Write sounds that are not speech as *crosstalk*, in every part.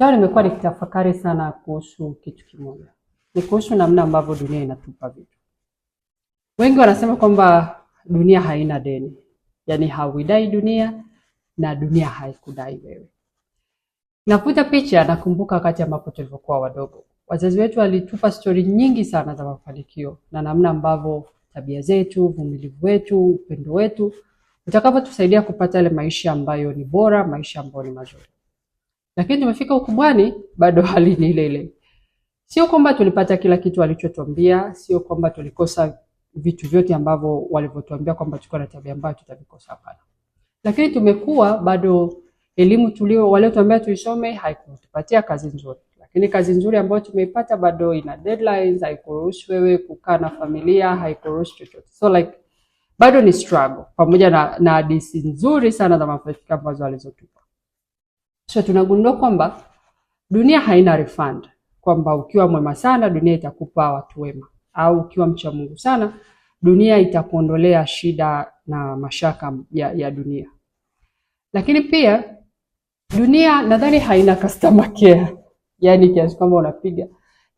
Leo nimekuwa nikitafakari sana kuhusu kitu kimoja, ni kuhusu namna ambavyo dunia inatupa vitu. Wengi wanasema kwamba dunia haina deni, yaani hauidai dunia na dunia haikudai wewe. Nakuta picha, nakumbuka wakati ambapo tulivyokuwa wadogo, wazazi wetu walitupa stori nyingi sana za mafanikio na namna ambavyo tabia zetu, uvumilivu wetu, upendo wetu utakavyotusaidia kupata yale maisha ambayo ni bora, maisha ambayo ni mazuri lakini tumefika ukubwani bado *laughs* hali ni ile ile. Sio kwamba tulipata kila kitu walichotuambia, sio kwamba tulikosa vitu vyote ambavyo walivyotuambia kwamba tuko na tabia mbaya tutavikosa, hapana. Lakini tumekuwa bado elimu tulio waliotuambia tuisome haikutupatia kazi nzuri, lakini kazi nzuri ambayo tumeipata bado ina deadlines, haikuruhusu wewe kukaa na familia, haikuruhusu chochote, so like bado ni struggle, pamoja na, na hadithi nzuri sana za mafanikio ambazo walizotupa. So tunagundua kwamba dunia haina refund, kwamba ukiwa mwema sana dunia itakupa watu wema, au ukiwa mcha Mungu sana dunia itakuondolea shida na mashaka ya, ya dunia. Lakini pia dunia nadhani haina customer care, yaani kiasi kwamba unapiga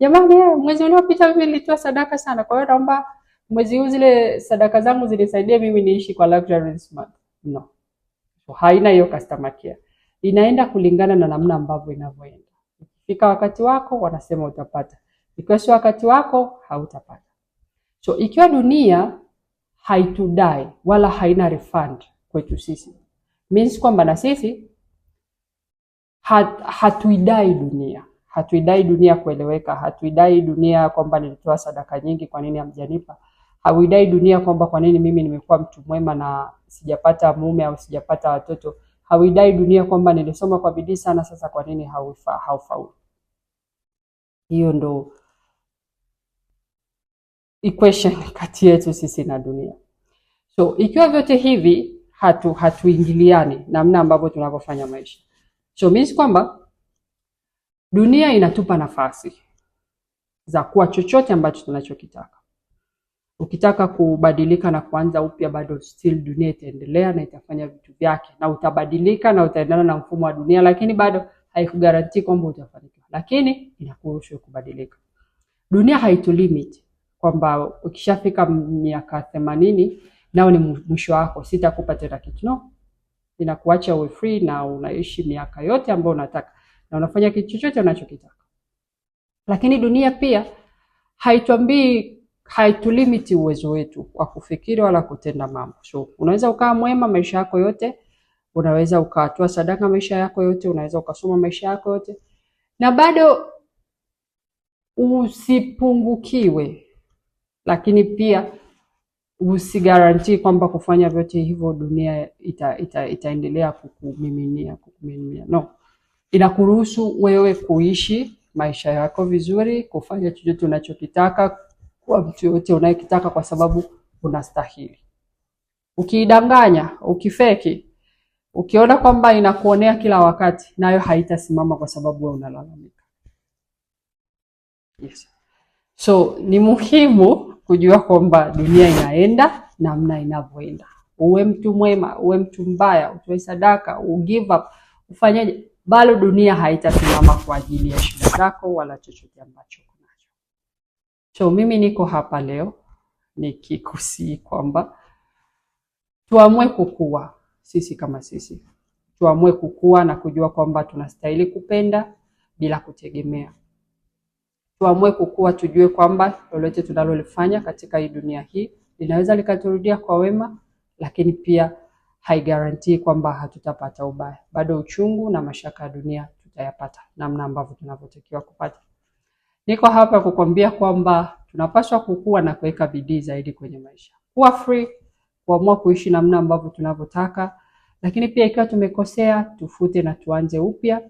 jamani, eh, mwezi uliopita mimi nilitoa sadaka sana, kwa hiyo naomba mwezi huu zile sadaka zangu zinisaidie mimi niishi kwa luxury this month. No, so, haina hiyo customer care. Inaenda kulingana na namna ambavyo inavyoenda. Ikifika wakati wako wanasema utapata, ikiwa wakati wako hautapata. So ikiwa dunia haitudai wala haina refund kwetu sisi means kwamba na sisi hat, hatuidai dunia hatuidai dunia kueleweka, hatuidai dunia kwamba nilitoa sadaka nyingi, kwa nini hamjanipa? Hauidai dunia kwamba kwa nini mimi nimekuwa mtu mwema na sijapata mume au sijapata watoto hauidai dunia kwamba nilisoma kwa bidii sana, sasa kwa nini haufa haufaulu? Hiyo ndo equation *laughs* kati yetu sisi na dunia. So ikiwa vyote hivi hatu hatuingiliani namna ambavyo tunavyofanya maisha, so means kwamba dunia inatupa nafasi za kuwa chochote ambacho tunachokitaka. Ukitaka kubadilika na kuanza upya, bado still dunia itaendelea na itafanya vitu vyake, na utabadilika na utaendana na mfumo wa dunia, lakini bado haikugarantii kwamba utafanikiwa, lakini inakuruhusu kubadilika. Dunia haitulimit kwamba ukishafika miaka themanini nao ni mwisho wako, sitakupa tena kitu. No, inakuacha we free na unaishi miaka yote ambayo unataka na unafanya kitu chochote unachokitaka. Lakini dunia pia haituambii haitulimiti uwezo wetu wa kufikiri wala kutenda mambo. So unaweza ukawa mwema maisha yako yote, unaweza ukatoa sadaka maisha yako yote, unaweza ukasoma maisha yako yote, na bado usipungukiwe, lakini pia usigarantii kwamba kufanya vyote hivyo dunia ita, ita, itaendelea kukumiminia kukumiminia. No, inakuruhusu wewe kuishi maisha yako vizuri, kufanya chochote unachokitaka wa mtu yoyote unayekitaka kwa sababu unastahili. Ukiidanganya, ukifeki, ukiona kwamba inakuonea kila wakati, nayo haitasimama kwa sababu wewe unalalamika. Yes. So ni muhimu kujua kwamba dunia inaenda namna inavyoenda. Uwe mtu mwema, uwe mtu mbaya, utoe sadaka, u give up, ufanyaje, bado dunia haitasimama kwa ajili ya shida zako wala chochote ambacho So mimi niko hapa leo nikikusii kwamba tuamue kukua sisi kama sisi, tuamue kukua na kujua kwamba tunastahili kupenda bila kutegemea. Tuamue kukua, tujue kwamba lolote tunalolifanya katika hii dunia hii linaweza likaturudia kwa wema, lakini pia haigarantii kwamba hatutapata ubaya. Bado uchungu na mashaka ya dunia tutayapata namna ambavyo tunavyotakiwa kupata. Niko hapa kukwambia kwamba tunapaswa kukua na kuweka bidii zaidi kwenye maisha, kuwa free, kuamua kuishi namna ambavyo tunavyotaka, lakini pia ikiwa tumekosea tufute na tuanze upya.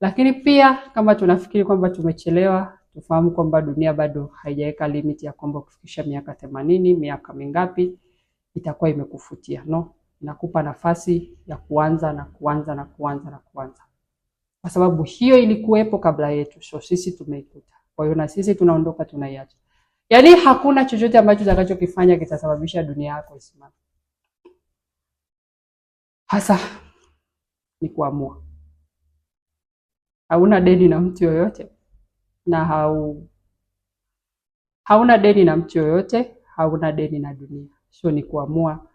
Lakini pia kama tunafikiri kwamba tumechelewa, tufahamu kwamba dunia bado haijaweka limit ya kwamba kufikisha miaka themanini, miaka mingapi itakuwa imekufutia no, inakupa nafasi ya kuanza na kuanza na kuanza na kuanza, kwa sababu hiyo ilikuwepo kabla yetu, so sisi tumeikuta. Kwa hiyo na sisi tunaondoka tunaiacha. Yaani hakuna chochote ambacho utakachokifanya kitasababisha dunia yako isimame. Hasa ni kuamua. Hauna deni na mtu yoyote na hau hauna deni na mtu yoyote, hauna deni na dunia. Sio, ni kuamua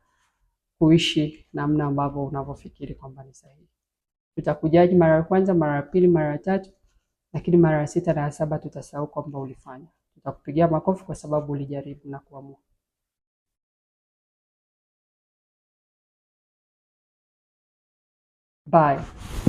kuishi namna ambavyo unavyofikiri kwamba ni sahihi. Tutakujaji mara ya kwanza, mara ya pili, mara ya tatu lakini mara ya sita na ya saba tutasahau kwamba ulifanya. Tutakupigia makofi kwa sababu ulijaribu na kuamua. Bye.